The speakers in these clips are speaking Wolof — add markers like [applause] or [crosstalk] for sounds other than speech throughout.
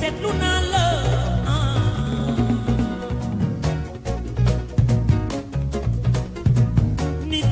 cette di love. Uh. Ni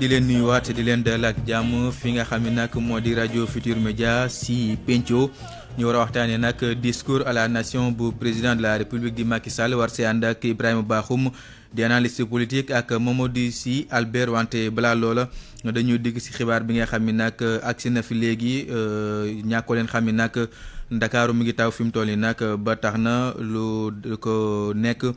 di leen nuyuwaat di leen dal ak jàmm fi nga xam ne di Futur Média si pencu. ñu war a waxtaanee nag discours à la nation bu président de la république di Macky Sall war si ànd ak Ibrahima Bakhoum di analyste politique ak di si Albert wante balaa loola dañu digg si xibaar bi nga xam ne nag agsi na fi léegi euh, ñàkkoo leen xam ne nag Ndakaaru mu ngi taw fi mu toll yi nag ba tax na lu ko nekk.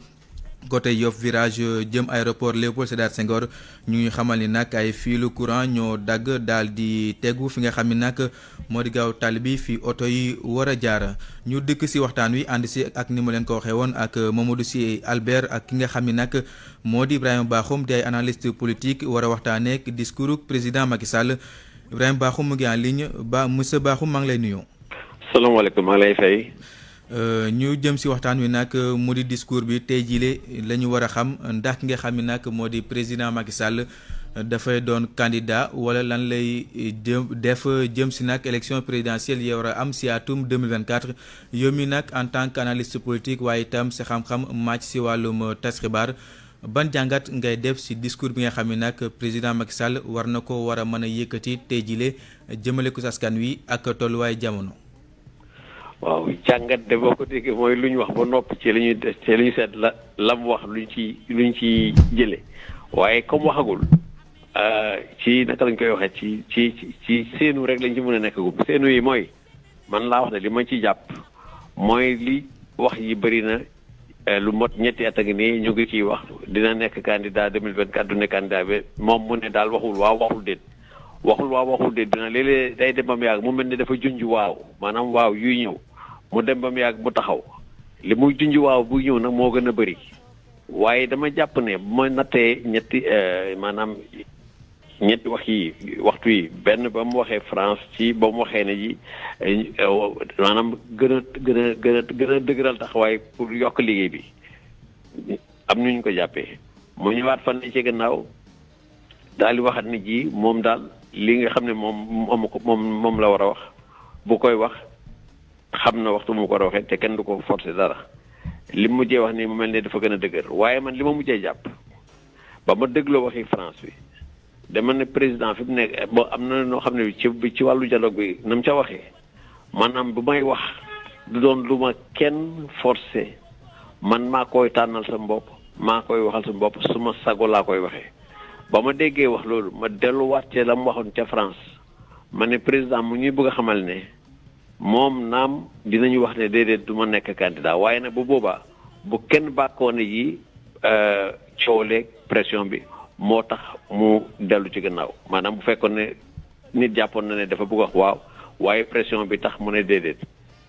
côté Yoff virage euh, jëm aéroport Léopold Sédar Senghor ñu ngi xamal ni nag ay fiilu courant ñoo dagg daal di tegu fi nga xam ni nag moo di gaaw tali bi fi oto yi war a jaar ñu dëkk si waxtaan wi ànd si ak ni ma leen ko waxee woon ak Mamadou Sy Albert ak ki nga xam ni nag moo di Ibrahima Bakhoum di ay analyste politique war a waxtaanee discours président Macky Sall Ibrahima Bakhoum mu ngi en ligne ba monsieur Bakhoum maa lay nuyu. salaamaaleykum maa Euh, ñu jëm si waxtaan wi nag euh, mu di discours bi tey jile la ñu war a xam ndax nga xam ne nag moo di président Macky Sall euh, dafay doon candidat wala lan lay jëm def jëm si nag élection présidentielle yi war a am si atum 2024 yow mi nag en tant que qu'analyste politique waaye itam sa xam-xam màcc si wàllum tes xibaar ban jàngat ngay def si discours bi nga xam ne nag président Macky Sall war na ko war a mën a yëkkati tey jile jëmale ko si askan wi ak tolluwaay jamono. waaw jàngat de boo ko déggee mooy lu ñu wax ba noppi ci la ñuy des ci la ñuy seet la lam wax luñ ci luñ ci jële waaye comme waxagul euh, ci naka lañ koy waxee ci ci ci seenu rek lañ ci mën a nekk nekkagum seenu yi mooy man laa wax ne li ma ci jàpp mooy li wax yi bëri na euh, lu mot ñetti at a ngi nii ñu ngi ciy wax dina nekk candidat 2024 du ne candidat bi moom mu ne daal waxul waaw waxul déet waxul waaw waxul de dina léeg-léeg day dem ba mu yàgg mu mel ni dafa junj waaw maanaam waaw yuy ñëw mu dem ba mu yàgg taxaw li muy junj waaw buy ñëw nag moo gën a bëri waaye dama jàpp ne bu ma nattee ñetti euh, maanaam ñetti wax yi waxtu yi benn ba mu waxee France ci ba mu waxee ne ji euh, maanaam gën a gën a gën a gën a dëgëral taxawaay pour yokk liggéey bi am nu ñu ko jàppee mu ñëwaat fan ci gannaaw daal di waxat ne ji moom daal. li nga xam ne moom amu ko moom moom la war a wax bu koy wax xam na waxtu mu ko war a waxee te kenn du ko forcer dara li mu mujjee wax nii mu mel ne dafa gën a dëgër waaye man li ma mujjee jàpp ba ma dégloo waxi France bi dama ne président fi mu nekk ba am na noo xam ne bi ci wàllu dialogue bi na mu ca waxee maanaam bu may wax du doon lu ma kenn forcé man maa koy tànnal sa bopp maa koy waxal sa bopp su ma sago laa koy waxee ba ma déggee wax loolu ma delluwaat ci la mu waxoon ca France ma ne président mu ñuy bëgg a xamal ne moom naam dinañu wax ne déedéet du ma nekk candidat waaye nag bu boobaa bu kenn bàkkoone yi euh, coowleeg pression bi moo tax mu dellu ci gannaaw maanaam bu fekkoon ne nit jàppoon na ne dafa bëgg wax waaw waaye pression bi tax mu ne déedéet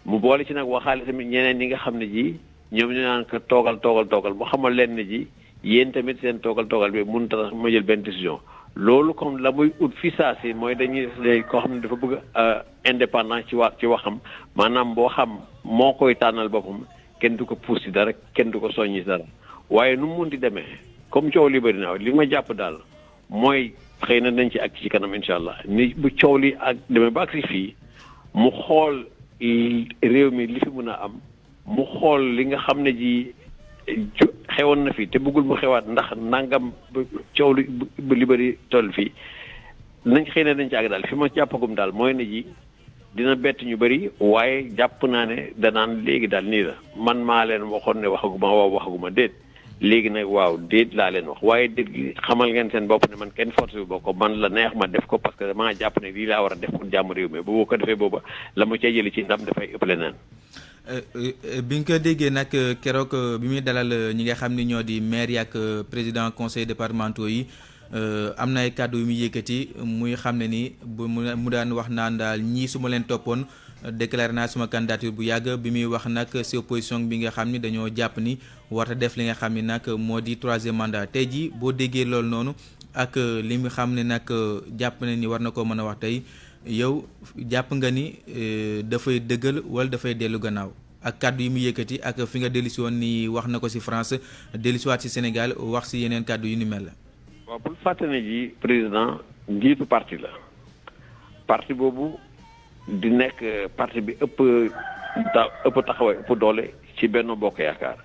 mu boole ci nag waxaale tamit ñeneen yi nga xam ne ji ñoom ñu naan ko toogal toogal toogal mu xamal leen ne ji yéen tamit seen toogal toogal bi mun tax ma jël benn décision loolu comme la muy ut fi saa si mooy dañuy léegi koo xam ne dafa bëgg euh, indépendant ci wa ci waxam maanaam boo xam moo koy tànnal boppam kenn du ko puus ci dara kenn du ko soññi dara waaye nu mu mun di demee comme coow li bëri na li ma jàpp daal mooy xëy na nañ ci ak ci kanam incha allah ni bu coow lii ak demee ba ak si fii mu xool réew mi li fi mun a am mu xool li nga xam ne ji xewoon na fi te bëggul mu xewaat ndax nangam coow li li bëri toll fii nañ xëy na dañ ci daal fi ma jàppagum daal mooy na ji dina bett ñu bëri waaye jàpp naa ne danaan léegi daal nii la man maa leen waxoon ne waxaguma waaw waxaguma déet léegi nag waaw déet laa leen wax waaye dégg gi xamal ngeen seen bopp ne man kenn force bi boo ko man la neex ma def ko parce que damaa jàpp ne lii laa war a def pour jàmm réew mi bu ko defee booba la ma cay ci ndam dafay ëpp leneen Euh, euh, euh, bi nga ko déggee nag keroog bi muy dalal ñi nga xam ni ñoo di mair yi ak président conseil départementaux yi am na ay kàddu yu muy yëkkati muy xam ne ni bu mu daan wax naan daal ñii suma leen toppoon déclaré naa suma candidature bu yàgg bi muy wax nag si opposition bi nga xam ni dañoo jàpp ni warta def li nga xam ni nag moo di troisième mandat tey jii boo déggee loolu noonu ak li mu xam ne nag jàpp ne ni war na ko mën a wax tey. yow jàpp nga ni euh, dafay dëggal wala dafay dellu gannaaw ak kàddu yi mu yëkkati ak fi nga dellusi woon ni wax na ko ci France dellusiwaat ci Sénégal wax ci yeneen kàddu yu ni mel. waaw bul fàtte ne ji président njiitu parti la parti boobu di nekk euh, parti bi ëpp ta ëpp taxawaay ëpp doole ci Benno Bokk Yaakaar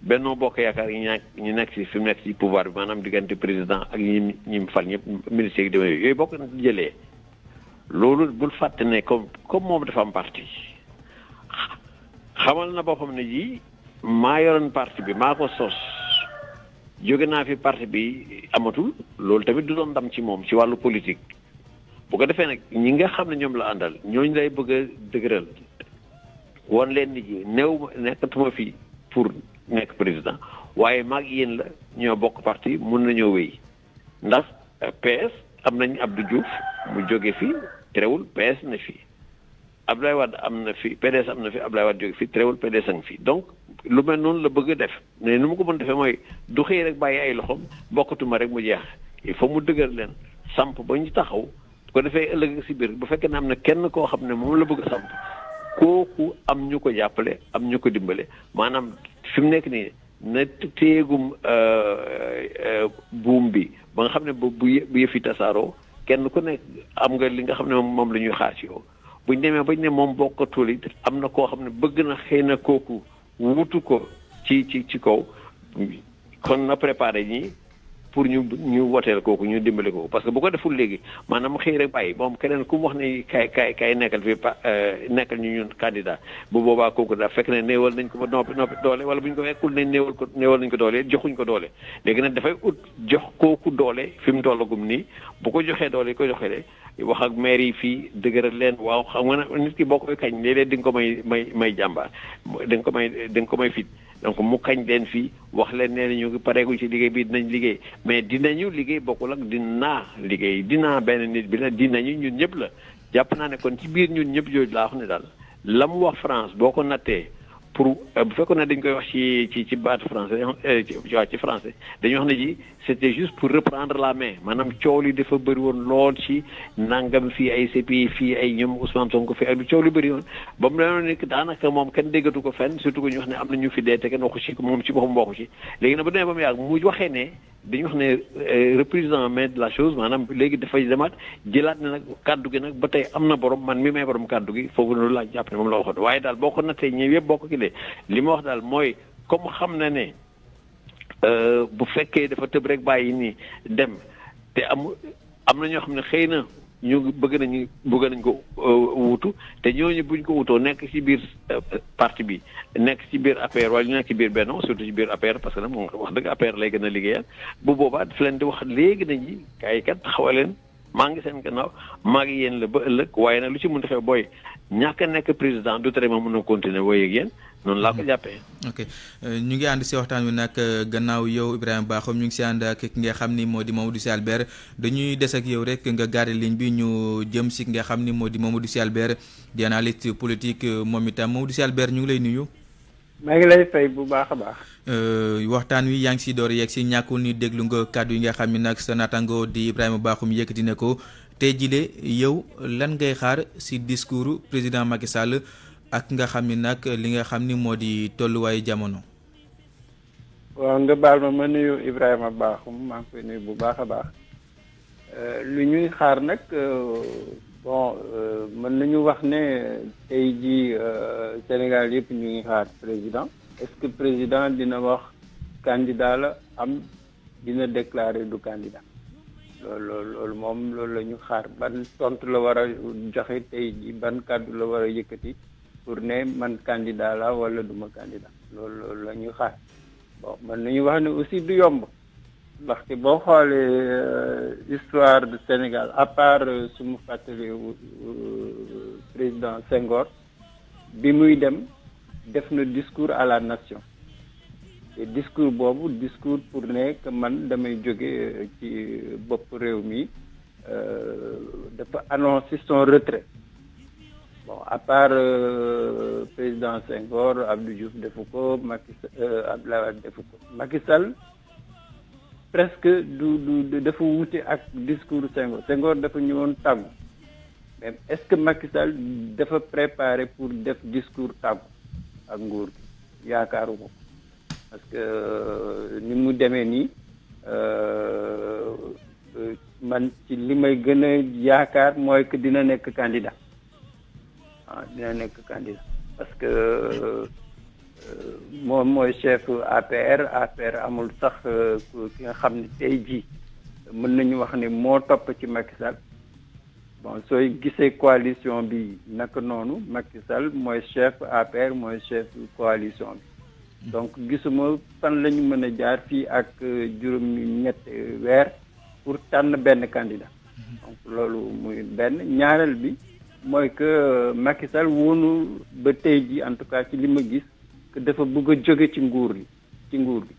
Benno Bokk Yaakaar yi ña ñu nekk ci fi mu nekk ci pouvoir bi maanaam diggante président ak ñi ñi fal ñëpp ministère yi demee yooyu bokk na jëlee. loolu bul fàtte ne comme comme moom dafa am parti xamal na boppam ne ji maa yoroon parti bi maa ko sos jóge naa fi parti bi amatul loolu tamit du doon ndam ci moom ci wàllu politique bu ko defee nag ñi nga xam ne ñoom la àndal ñooñu lay bëgg a dëgëral woon leen nit ñi néew nekkatuma fi pour nekk président waaye mag yéen la ñoo bokk parti mun nañoo wéy ndax PS am nañ Abdou Diouf mu jóge fi terewul PS na fi Abdoulaye Wade am na fi PDS am na fi Abdoulaye Wade jóge fi terewul PDS a ngi fi donc lu mel noonu la bëgg a def mais nu mu ko mën defee mooy du xëy rek bàyyi ay loxoom bokkatuma rek mu jeex il faut mu dëgër leen samp ba ñu taxaw bu ko defee ëllëg si biir bu fekkee ne am na kenn koo xam ne moom la bëgg samp kooku am ñu ko jàppale am ñu ko dimbale maanaam fi mu nekk nii na téegum euh, euh, buum bi ba nga xam ne bu bu yëfi tasaaroo kenn ku nekk am nga li nga xam ne moom la ñuy xaar ci yow buñ demee bañ ne moom bokkatul it am na koo xam ne bëgg na xëy na kooku wutu ko ci ci ci kaw kon na préparé ñi pour ñu ñu woteel kooku ñu dimbali kooku parce que bu ko deful léegi maanaam xëy rek bàyyi moom keneen ku mu wax ne kay kay kay nekkal fi pa euh, nekkal ñu ñun candidat bu boobaa kooku daa fekk ne néewal nañ ko ba noppi noppi doole wala bu ñu ko fekkul ne néewal ko néewal nañ ko doole joxuñ ko doole léegi nag dafay ut jox kooku doole fi mu tollagum nii bu ko joxee doole yi ko joxee wax ak maire yi fii dëgëral leen waaw xam nga nit ki boo koy kañ léeg-léeg di ko may may may jàmbaar di ko may di ko may fit donc mu kañ leen fii wax leen nee na ñu ngi pareegu ci liggéey bii dinañ liggéey mais dinañu liggéey bokkul ak dinaa liggéey dinaa benn nit bi la dinañu ñun ñëpp la jàpp naa ne kon ci biir ñun ñëpp yooyu laa wax ne daal la mu wax France boo ko nattee pour euh, bu fekkoon ne dañ koy wax ci ci ci baat français euh, ci waa ci français dañu wax ne ji c'était juste pour reprendre la main manam coow li dafa bëri won lool ci nangam fi ay CPI fii ay ñoom Ousmane Sonko fi ak lu coow li bëri won bam mu lenoon nekk daanaka moom kenn déggatu ko fenn surtout ko ñu wax ne am na ñu fi dee te kenn waxu ci mom ci boppam waxu ci légui na bu demee bam mu yàgg mu waxee ne dañu wax ne eh, reprise en mais de la chose maanaam léegi dafay demaat jëlaat na nag kàddu gi nag ba tey am na borom man mi may borom kàddu gi foofu loolu laa jàpp ne moom la waxoon waaye daal boo ko nattee ñëw yëpp boo ko kilee li ma wax daal mooy comme xam na ne euh, bu fekkee dafa tëb rek bàyyi nii dem te am am na ñoo xam ne xëy na ñu bëgg nañu bëgg nañ ko euh, wutu te ñoo ñooñu buñ ko wutoo nekk ci biir euh, parti bi nekk ci biir APR wala ñu nekk ci biir Benno surtout ci biir APR parce que nag moom wax dëgg APR lay gën a liggéeyal bu boobaa daf leen di wax léegi nañu kaay kat xawaleen maa ngi seen gannaaw maa ngi yéen la ba ëllëg waaye nag lu ci mun a xew booy ñàkk a nekk président du tere ma mën a continuer wooy ak noonu laa ko jàppee. ok euh, ñu ngi ànd si waxtaan wi nag euh, gannaaw yow Ibrahima Bakhoum ñu ngi see ànd ak ki nga xam ni moo di Mamadou Sy Albert dañuy des ak yow rek nga garé ligne bi ñu jëm si ki nga xam ni moo di Mamadou Sy Albert di analyste politique euh, moom itam Mamadou Sy Albert ñu ngi lay nuyu. maa ngi lay fay bu baax a baax. waxtaan wi yaa ngi si door yeeg si ñàkkul ni déglu nga kàddu yi nga xam ni nag sa naataango di Ibrahima Bakhoum yëkkati na ko tey jile yow lan ngay xaar si discours président Macky Sall. ak nga xam ni nag li nga xam ni moo di tolluwaayu jamono. waaw nga baal ma ma nuyu Ibrahima Bakhoum maa ngi koy nuyu bu baax a baax euh, lu ñuy xaar nag euh, bon euh, mën nañu wax ne tey ji Sénégal yëpp ñu ngi xaar président est-ce président dina wax candidat la am dina déclarer du candidat loolu loolu moom loolu la xaar ban tontu la war a joxe tey jii ban kàddu la war a yëkkati. pour ne man candidat la wala duma candidat loolu la ñu xaar bon man nañu wax ne aussi du yomb ci boo xoolee euh, histoire du Sénégal à part euh, su mu fàttali euh, président Senghor bi muy dem def na discours à la nation te discours boobu discours pour ne que man damay jóge ci bopp réew mi dafa annoncer son retrait Bon, à part euh, président Senghor, Abdou Diouf de Foucault, Macky, euh, de Foucault, Macky Sall, presque du du dafa wuute ak discours Senghor Senghor de ñëwoon tabou. mais est-ce que Macky Sall dafa préparé pour def discours tabou à nguur gi yaakaaru ko parce que euh, ni mou demee nii euh, euh, man ci li may gën a yaakaar mooy que dina nekk candidat Ah, dina ke candidat parce que euh, moom chef APR APR amul sax euh, ki nga xam ne tey jii mën nañu wax ne moo topp ci Macky Sall bon sooy bi naka noonu Macky Sall chef APR mooy chef coalition bi donc gisuma fan la ñu mën a jaar fii ak euh, juróom ñett weer pour tànn benn candidat mm-hmm. donc loolu muy benn ñaareel bi mooy que euh, Macky Sall wóonu ba tey ji en tout cas ci li ma gis que dafa bëgg a jóge ci nguur gi ci nguur gi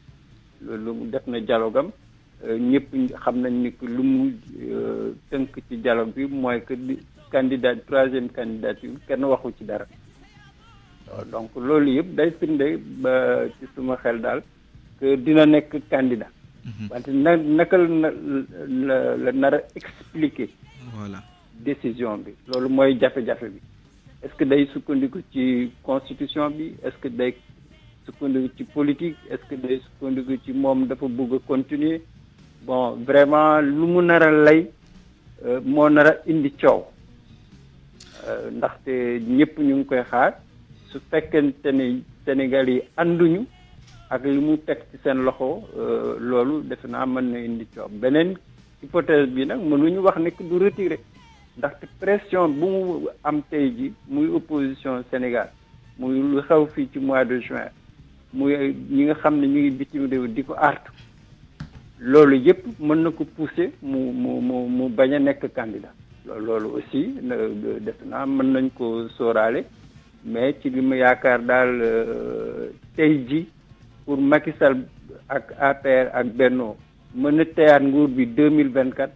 loolu def na jaloogam am euh, xam nañ ni que lu mu euh, tënk ci dialogue bi mooy que candidat troisième candidature kenn waxu ci dara donc loolu yëpp day firnde ba suma xel daal que dina nekk candidat mhm. wante na naka la la nar a expliquer décision bi loolu mooy jafe-jafe bi est-ce que day sukkandiku ci constitution bi est-ce que day sukkandiku ci politique est-ce que day sukkandiku ci moom dafa bëgg a continuer bon vraiment lu mu nar a lay euh, moo nar a indi coow euh, ndaxte ñëpp ñu ngi koy xaar su fekkente ni Sénégal yi ànduñu ak li mu teg ci seen loxo euh, loolu defe naa mën na indi coow beneen hypothèse bi nag mënuñu wax ne du retiré ndaxte pression bu mu am tey ji muy opposition Sénégal mu lu xew fii ci mois de juin muy ñi nga xam ne ñu ngi bitim réew di ko artu loolu yëpp mën na ko pousser mu mu mu mu bañ a nekk candidat loolu aussi def naa mën nañ ko sóoraale mais ci li ma yaakaar daal euh, tey ji pour Macky ak APR ak Benno mën na teyaat nguur bi deux mille vingt quatre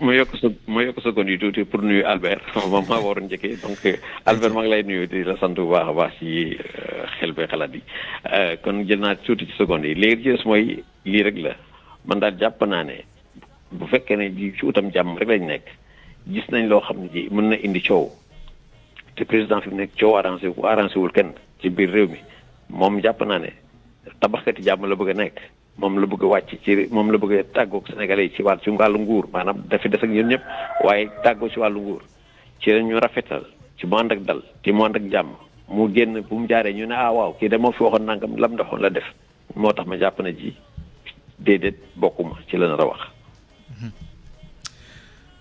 ma yokk sa ma yokk sa kon yi tuuti pour nuyu Albert [laughs] ma maa waroon njëkkee donc Albert maa ngi lay nuyu di la sant bu baax a baax ci euh, xel bi xalaat yi euh, kon jël naa tuuti ci seconde yi léegi ci des mooy lii rek la man daal jàpp naa ne bu fekkee ne ci utam jàmm rek lañ nekk gis nañ loo xam ne ji mën na indi coow te président fi mu nekk coow arrangé wu arrangé wul kenn ci biir réew mi moom jàpp naa ne tabaxkati jàmm la bëgg a nekk. moom la bëgg a wàcc ci moom la bëgg a tàggoog Sénégalais yi ci wàll ci wàllu nguur maanaam dafa des ak ñun ñëpp waaye tàggoo ci wàllu nguur ci la ñu rafetal ci mu ànd ak dal ci mu ànd ak jàmm mu génn bu mu jaaree ñu ne ah waaw kii de moo fi waxoon nangam lam doxoon la def moo tax ma jàpp na ji déedéet bokkuma ci la nar a wax. Mhm.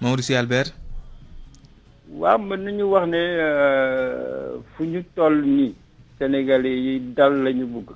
Mamadou Sy Albert. waaw mën nañu wax ne euh, fu ñu toll nii sénégalais yi dal lañu bugg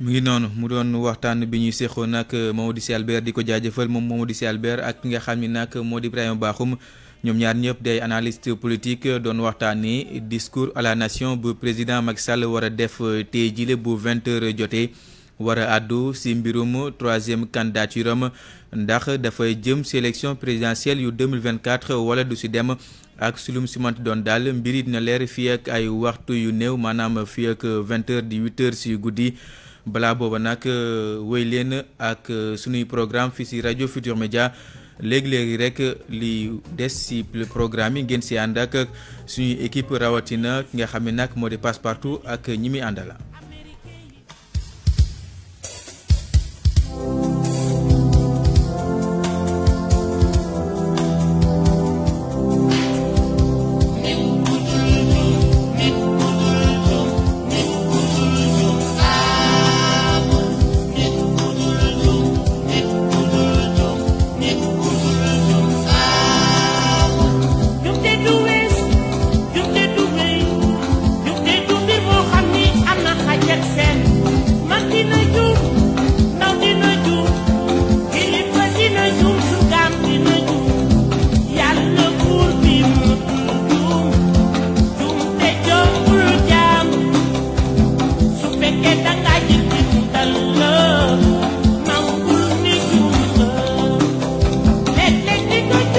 mu ngi noonu mu doon waxtaan bi ñuy euh, Mamadou Sy Albert diko ko jaajëfal Mamadou Sy Albert ak nga xamni nak nag ibrahim di ñom ñaar ñëpp day analyste politique euh, don waxtaanee discours à la nation bu président Macky Sall wara a def euh, tey le bu 20 heures jotee wara addu ci mbirum troisième candidature am ndax dafay jëm sélection présidentielle yu 2024 wala du ci dem ak sulum si don dal mbirit na dina fi ak ay waxtu yu néew manam fi ak 20 heures di 8 heures ci goudi balaa booba nag euh, woy leen ak euh, sunuy programme fii si rajo Futur Média léegi-léegi rek euh, li des si programme yi ngeen si ànd ak suñuy équipe rawatina ki nga xam ne nag moo di passe partout ak ñi muy àndala